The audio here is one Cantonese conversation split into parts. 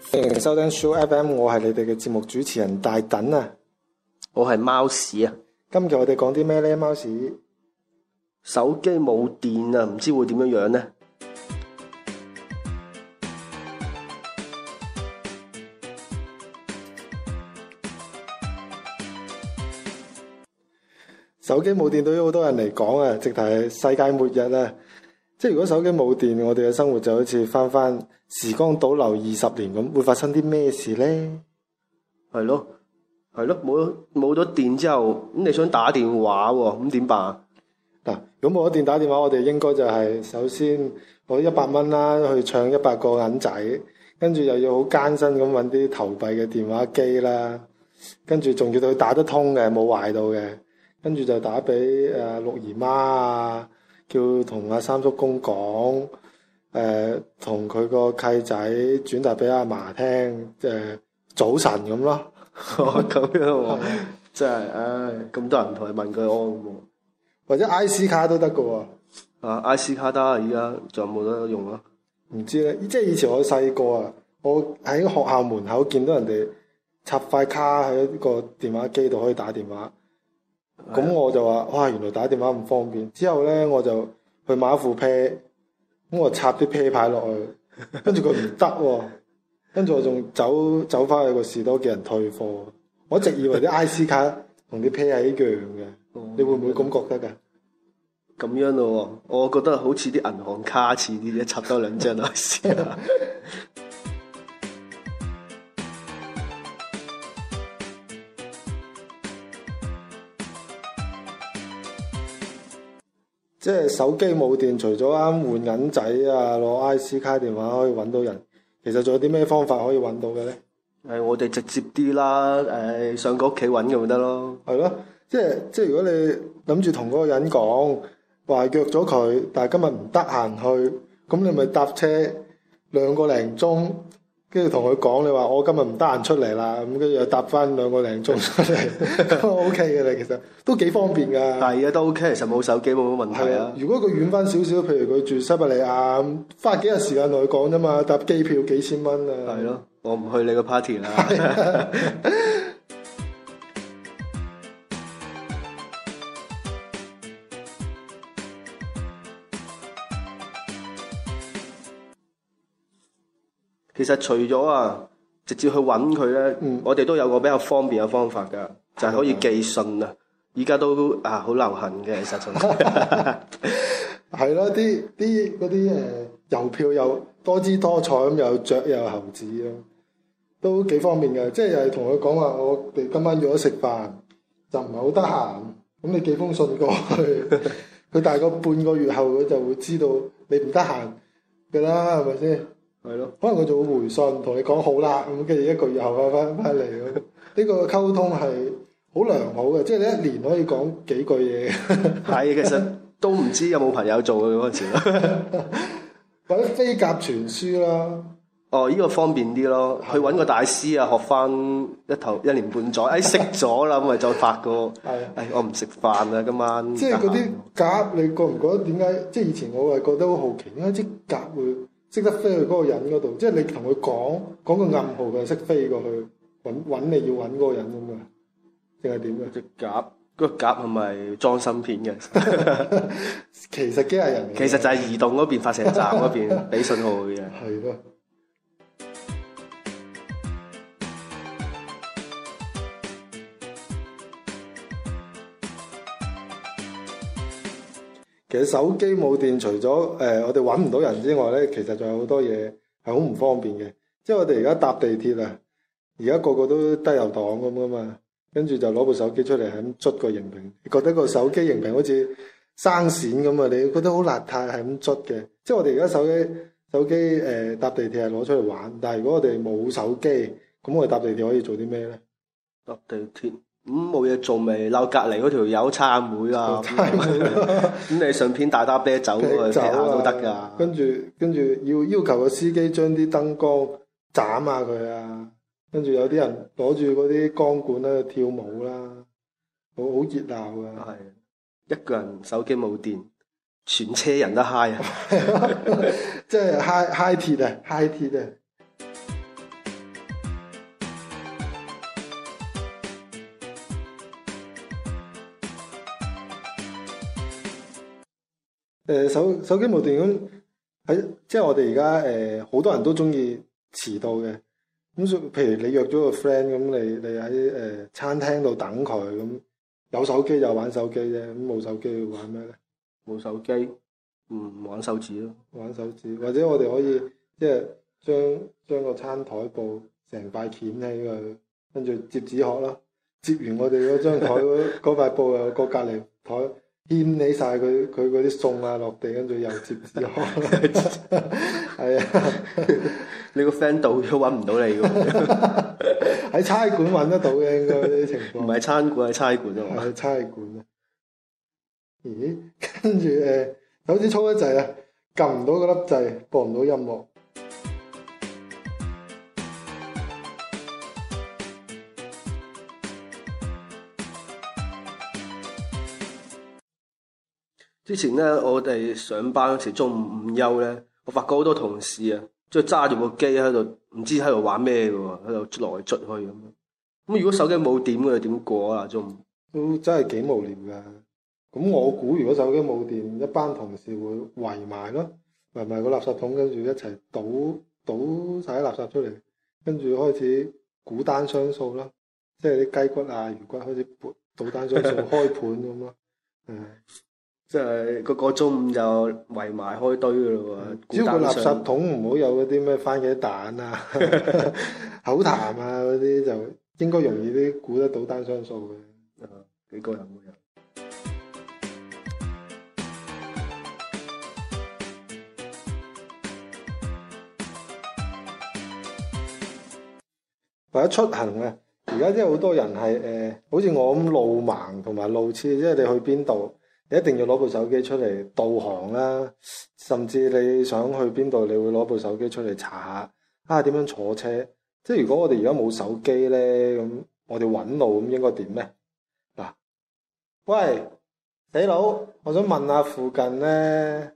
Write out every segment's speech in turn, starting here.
歡迎收聽 SooFM，我係你哋嘅節目主持人大等啊，我係貓屎啊，今日我哋講啲咩咧？貓屎手機冇電啊，唔知會點樣樣咧？手機冇電對於好多人嚟講啊，直頭係世界末日啊！即係如果手機冇電，我哋嘅生活就好似翻翻時光倒流二十年咁，會發生啲咩事呢？係咯，係咯，冇冇咗電之後，咁你想打電話喎？咁點辦？嗱，如果冇咗電打電話，我哋應該就係、是、首先攞一百蚊啦，去唱一百個銀仔，跟住又要好艱辛咁搵啲投幣嘅電話機啦，跟住仲要佢打得通嘅，冇壞到嘅。跟住就打俾誒、呃、六姨媽啊，叫同阿、啊、三叔公講，誒同佢個契仔轉達俾阿嫲聽，誒、呃、早晨咁咯。咁樣喎，真、哎、係，咁多人同佢問佢安喎。 或者 IC 卡都得㗎喎。啊，IC 卡得啊，而家仲有冇得用啊？唔知咧，即係以前我細個啊，我喺學校門口見到人哋插塊卡喺一個電話機度可以打電話。咁、嗯、我就話：哇！原來打電話唔方便。之後呢，我就去買一副啤，咁我就插啲啤牌落去，跟住佢唔得喎。跟住我仲走走返去個士多叫人退貨。我一直以為啲 IC 卡同啲啤係一樣嘅，你會唔會咁覺得㗎？咁、哦嗯嗯、樣咯、哦，我覺得好似啲銀行卡似啲嘢插多兩張咯。 即係手機冇電，除咗啱換銀仔啊，攞 IC 卡電話可以揾到人。其實仲有啲咩方法可以揾到嘅咧？誒、哎，我哋直接啲啦，誒、哎、上個屋企揾咁咪得咯。係咯，即係即係，如果你諗住同嗰個人講，話約咗佢，但係今日唔得閒去，咁你咪搭車兩個零鐘。跟住同佢講，你話我今日唔得閒出嚟啦，咁跟住又搭翻兩個零鐘出嚟，O K 嘅啦，其實都幾方便噶。係啊，都 OK，其實冇手機冇乜問題啊。如果佢遠翻少少，譬如佢住西伯利亞，花幾日時間同佢講啫嘛，搭機票幾千蚊啊。係咯，我唔去你個 party 啦。是的. 其實除咗啊，直接去揾佢呢，嗯、我哋都有個比較方便嘅方法噶，嗯、就係可以寄信啊。而家都啊好流行嘅，其實係咯，啲啲嗰啲誒郵票又多姿多彩咁、嗯，又雀又猴子咯，都幾方便嘅。即係又係同佢講話，我哋今晚約咗食飯，就唔係好得閒。咁你寄封信過去，佢 大概半個月後，佢就會知道你唔得閒嘅啦，係咪先？係咯，可能佢就會回信同你講好啦，咁跟住一個月後翻翻翻嚟。呢個溝通係好良好嘅，即係你一年可以講幾句嘢。係， 其實都唔知有冇朋友做嘅嗰陣時咯 。或者飛鴿傳書啦，哦，呢個方便啲咯。的去揾個大師啊，學翻一頭一年半載，哎，識咗啦，咁咪 就發個，哎的，我唔食飯啦，今晚。即係嗰啲鴿，你覺唔覺得點解？即係以前我係覺得好好奇，點解啲鴿會？識得飛去嗰個人嗰度，即係你同佢講講個暗號，佢識飛過去揾揾你要揾嗰個人咁嘛？定係點嘅？隻鴿，個鴿係咪裝芯片嘅？ 其實機械人，其實就係移動嗰邊發射站嗰邊俾信 號嘅。係咯。其實手機冇電，除咗誒、呃、我哋揾唔到人之外咧，其實仲有好多嘢係好唔方便嘅。即係我哋而家搭地鐵啊，而家個個都低油檔咁噶嘛，跟住就攞部手機出嚟係咁捽個螢屏，覺得個手機螢屏好似生閃咁啊！你覺得好邋遢係咁捽嘅。即係我哋而家手機手機誒搭地鐵係攞出嚟玩，但係如果我哋冇手機，咁我哋搭地鐵可以做啲咩咧？搭地鐵。咁冇嘢做咪撈隔籬嗰條友猜下妹啊！咁你順便帶打啤酒啊，熱鬧都得噶。跟住跟住要要求個司機將啲燈光斬下佢啊！跟住有啲人攞住嗰啲光管喺度跳舞啦，好好熱鬧㗎。係，一個人手機冇電，全車人都 high 啊！即係 high high 鐵啊，high 鐵啊！誒手手機冇電咁喺，即係我哋而家誒好多人都中意遲到嘅。咁譬如你約咗個 friend，咁你你喺誒、呃、餐廳度等佢，咁有手機就玩手機啫，咁冇手機會玩咩咧？冇手機，唔玩手指咯，玩手指，玩手指或者我哋可以即係將將個餐台布成塊捲起佢，跟住折紙殼啦。接完我哋嗰張台嗰 塊布又過隔離台。掂起晒佢佢嗰啲餸啊，落地跟住又接住啊！你個 friend 到咗，揾唔到你嘅，喺差館揾得到嘅應該啲情況。唔係 餐館，係差館啫嘛。係差館啊！ 咦？跟住誒，有啲充得滯啊，撳唔到嗰粒掣，播唔到音樂。之前咧，我哋上班嗰時中午午休咧，我發覺好多同事啊，即係揸住部機喺度，唔知喺度玩咩嘅喎，喺度嚟出去咁。咁如果手機冇電嘅點過啊？仲都真係幾無聊噶。咁我估如果手機冇電，嗯、一班同事會圍埋咯，圍埋個垃圾桶，跟住一齊倒倒晒啲垃圾出嚟，跟住開始估單雙數啦。即係啲雞骨啊、魚骨開始盤倒單雙數開盤咁咯， 嗯。即係個個中午就圍埋開堆嘅咯喎，估單雙。只要個垃圾桶唔好有嗰啲咩番茄蛋啊、口痰啊嗰啲，就應該容易啲估得到單雙數嘅。幾個人每人。或者出行咧，而家即係好多人係誒，好似我咁路盲同埋路痴，即係你去邊度？你一定要攞部手機出嚟導航啦、啊，甚至你想去邊度，你會攞部手機出嚟查下啊，點樣坐車？即係如果我哋而家冇手機咧，咁我哋揾路咁應該點咧？嗱、啊，喂，死佬，我想問下附近咧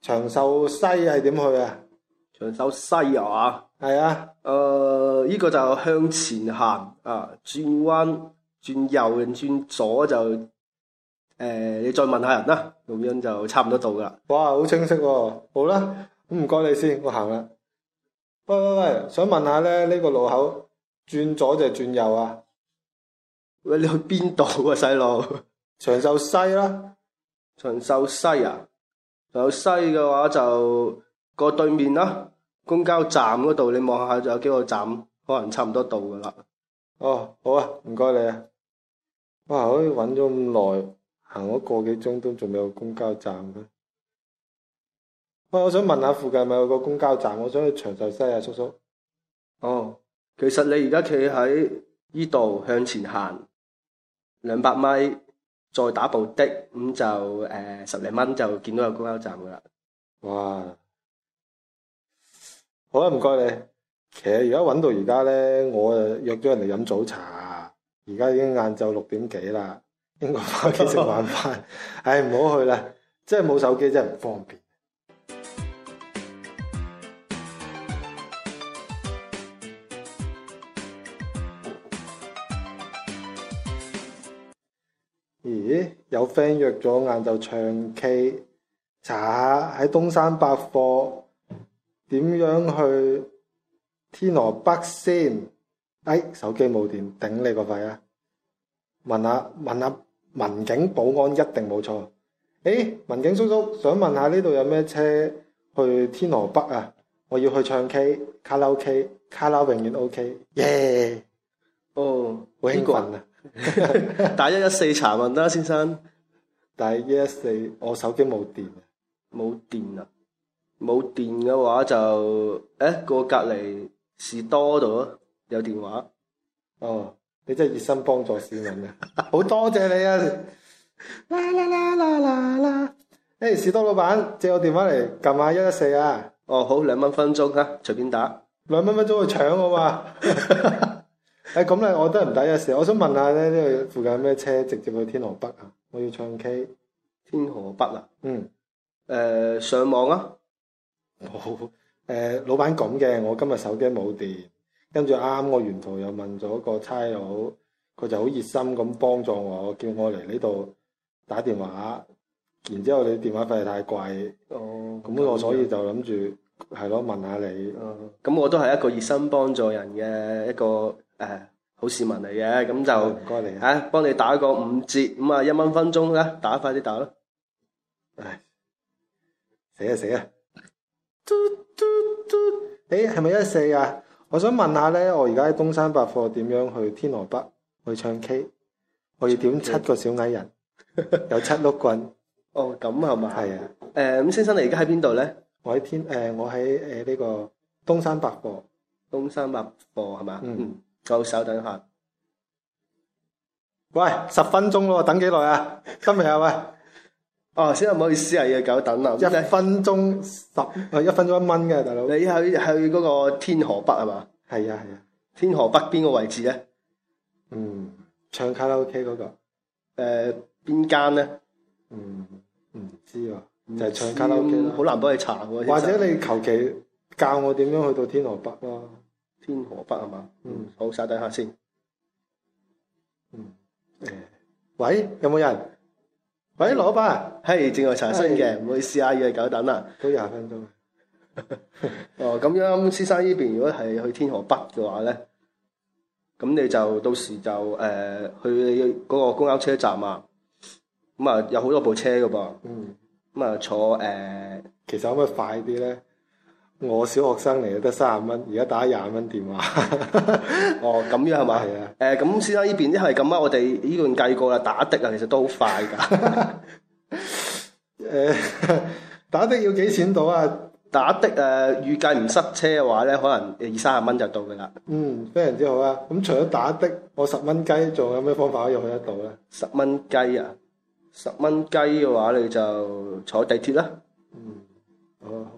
長壽西係點去啊？長壽西啊？係啊，誒、呃，依、呢個就向前行啊，轉彎轉右定轉左就？誒、呃，你再問下人啦，咁樣就差唔多到噶啦。哇，好清晰喎，哦！好啦，咁唔該你先，我行啦。喂喂喂，想問下咧，呢個路口轉左定係轉右啊？喂，你去邊度啊，細路？長壽西啦，啊，長壽西啊？長壽西嘅話就過對面啦，啊，公交站嗰度你望下仲有幾個站，可能差唔多到噶啦。哦，好啊，唔該你啊。哇，可以搵咗咁耐。行咗個幾鐘都仲有公交站嘅。喂，我想問下附近咪有個公交站，我想去長壽西啊，叔叔。哦，其實你而家企喺呢度向前行兩百米，再打部的咁，就誒、呃、十零蚊就見到有公交站噶啦。哇，好啦，唔該你。其實而家搵到而家咧，我就約咗人嚟飲早茶，而家已經晏晝六點幾啦。應該翻屋企食晚飯，唉，唔好去啦！即係冇手機真係唔方便。 咦？有 friend 約咗晏晝唱 K，查下喺東山百貨點樣去天河北先。哎，手機冇電，頂你個肺啊！問下啊，問下啊。民警保安一定冇錯。哎，民警叔叔，想問下呢度有咩車去天河北啊？我要去唱 K，卡拉 OK，卡拉永遠 OK，耶！Yeah! 哦，好興奮啊！這個、 打一一四查問啦，先生。但係一一四，我手機冇電。冇電啊？冇電嘅話就，誒，過隔籬士多度咯，有電話。哦。你真係熱心幫助市民啊！好多 謝你啊！ 啦啦啦啦啦！誒、hey, 士多老闆借我電話嚟撳下一一四啊！哦，好，兩蚊分鐘啊，隨便打。兩蚊分鐘去搶啊嘛！誒咁咧，我都唔抵嘅事我想問下咧，呢度附近有咩車直接去天河北啊？我要唱 K。天河北啊！嗯。誒、呃、上網啊！誒、哦呃、老闆咁嘅，我今日手機冇電。跟住啱啱我沿途又問咗個差佬，佢就好熱心咁幫助我，叫我嚟呢度打電話。然之後你電話費太貴，哦，咁、嗯、我所以就諗住係咯問下你。咁我都係一個熱心幫助人嘅一個誒、哎、好市民嚟嘅，咁就唔該、哎、你嚇，幫、啊、你打個五折，咁啊一蚊分鐘啦，打快啲打啦。哎，死啊，死啊，嘟嘟嘟，誒係咪一四啊？我想問下咧，我而家喺東山百貨點樣去天河北去唱 K？我要點七個小矮人，有七碌棍。 哦，咁係嘛？係啊。誒、嗯，咁先生你而家喺邊度咧？我喺天，誒、呃，我喺誒呢個東山百貨。東山百貨係嘛？嗯。夠稍等下。喂，十分鐘咯，等幾耐啊？今日係咪？ 哦，先唔好意思啊，要久等啊，一分鐘十，啊一分鐘一蚊嘅大佬。你喺去嗰個天河北係嘛？係啊係啊，天河北邊個位置咧？嗯，唱卡拉 OK 嗰個，誒邊間咧？嗯，唔知喎，就係唱卡拉 OK，好難幫你查喎。或者你求其教我點樣去到天河北咯？天河北係嘛？嗯，好，稍等下先。嗯，誒，喂，有冇人？喂，羅伯，係、哎、正在查詢嘅，唔、哎、好意思要係久等啦，都廿分鐘。 哦，咁樣，先生呢邊如果係去天河北嘅話咧，咁你就到時就誒、呃、去嗰個公交車站啊，咁啊有好多部車噶噃。嗯。咁啊坐誒，呃、其實可唔可以快啲咧？我小學生嚟啊，得三十蚊，而家打廿蚊電話。 哦，咁樣係嘛？係是啊、呃。誒，咁先啦，呢邊一係咁啊，我哋呢段計過啦，打的啊，其實都好快㗎。誒 、呃，打的要幾錢到啊？打的誒、呃，預計唔塞車嘅話咧，可能二三十蚊就到㗎啦。嗯，非常之好啊。咁、嗯、除咗打的，我十蚊雞仲有咩方法可以去得到咧？十蚊雞啊，十蚊雞嘅話你就坐地鐵啦。嗯。哦。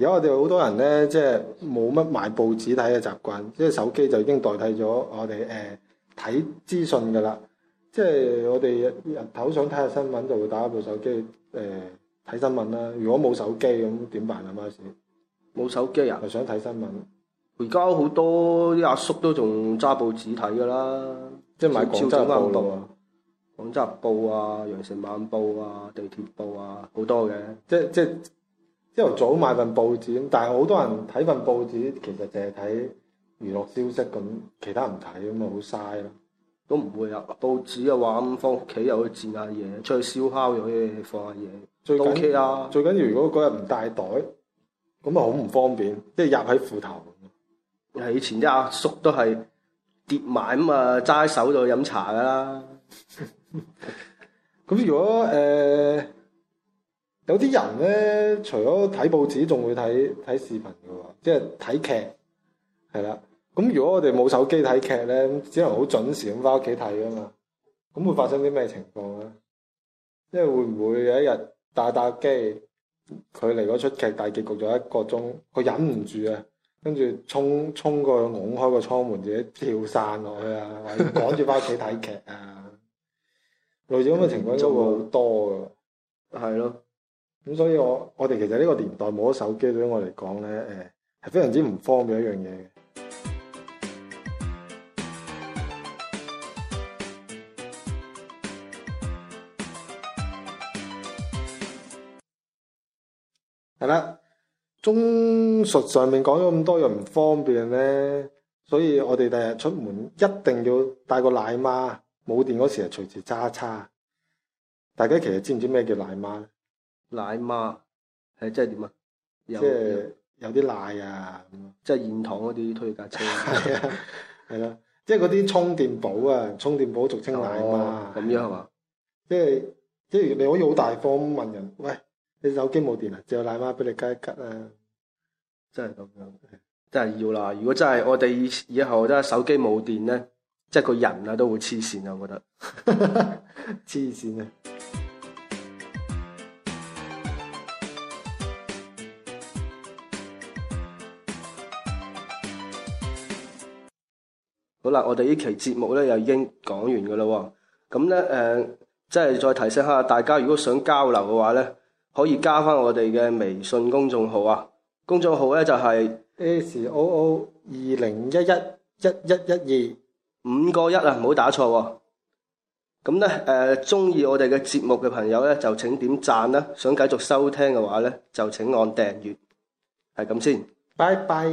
而家我哋好多人咧，即係冇乜買報紙睇嘅習慣，即係手機就已經代替咗我哋誒睇資訊㗎啦。即係我哋日頭想睇下新聞，就會打一部手機誒睇、呃、新聞啦。如果冇手機咁點辦啊 m a 冇手機啊？係想睇新聞。而家好多啲阿、啊、叔叔都仲揸報紙睇噶啦，即係買廣州報啊、廣州報啊、羊城晚報啊、地鐵報啊，好多嘅，即係即係。朝頭早買份報紙，但係好多人睇份報紙，其實淨係睇娛樂消息咁，其他人唔睇咁咪好嘥咯。都唔會啊，報紙嘅話，放屋企又去摺下嘢，出去燒烤又可以放下嘢。都 OK 緊啊。最緊要如果嗰日唔帶袋，咁啊好唔方便，即係入喺褲頭。係以前啲阿叔都係跌埋咁啊，揸喺手度飲茶噶啦。咁 如果誒？呃有啲人咧，除咗睇報紙，仲會睇睇視頻嘅喎，即係睇劇，係啦。咁、嗯、如果我哋冇手機睇劇咧，咁只能好準時咁翻屋企睇㗎嘛。咁會發生啲咩情況咧？即係會唔會有一日打打機，距離嗰出劇大結局咗一個鐘，佢忍唔住啊，跟住衝衝過去，掹開個窗門自己跳傘落去啊，或者趕住翻屋企睇劇啊？ 類似咁嘅情況都會好多嘅你打。係咯打。咁所以我我哋其實，呢個年代冇咗手機對，對我嚟講咧，誒，係非常之唔方便一樣嘢嘅。係啦，中述上面講咗咁多又唔方便咧，所以我哋第日出門一定要帶個奶媽。冇電嗰時啊，隨時揸叉。大家其實知唔知咩叫奶媽咧？奶媽係、哎、即係點啊？即係有啲奶啊！即係現堂嗰啲推架車，係咯，即係嗰啲充電寶啊！充電寶俗稱奶媽，咁、哦、樣係嘛？即係即係你可以好大方問人，喂，你手機冇電啊，借個奶媽俾你拮一吉啊！真係咁樣，真係要啦。如果真係我哋以後真係手機冇電咧，即係個人啊都會黐線啊！我覺得黐線 啊！好啦，我哋呢期節目咧又已經講完噶啦，咁咧誒，即、呃、係再提醒下大家，如果想交流嘅話咧，可以加翻我哋嘅微信公眾號啊，公眾號咧就係 S O O 二零一一一一一二五個一啊，唔好打錯。咁咧誒，中、呃、意我哋嘅節目嘅朋友咧，就請點讚啦。想繼續收聽嘅話咧，就請按訂閱，係咁先，拜拜。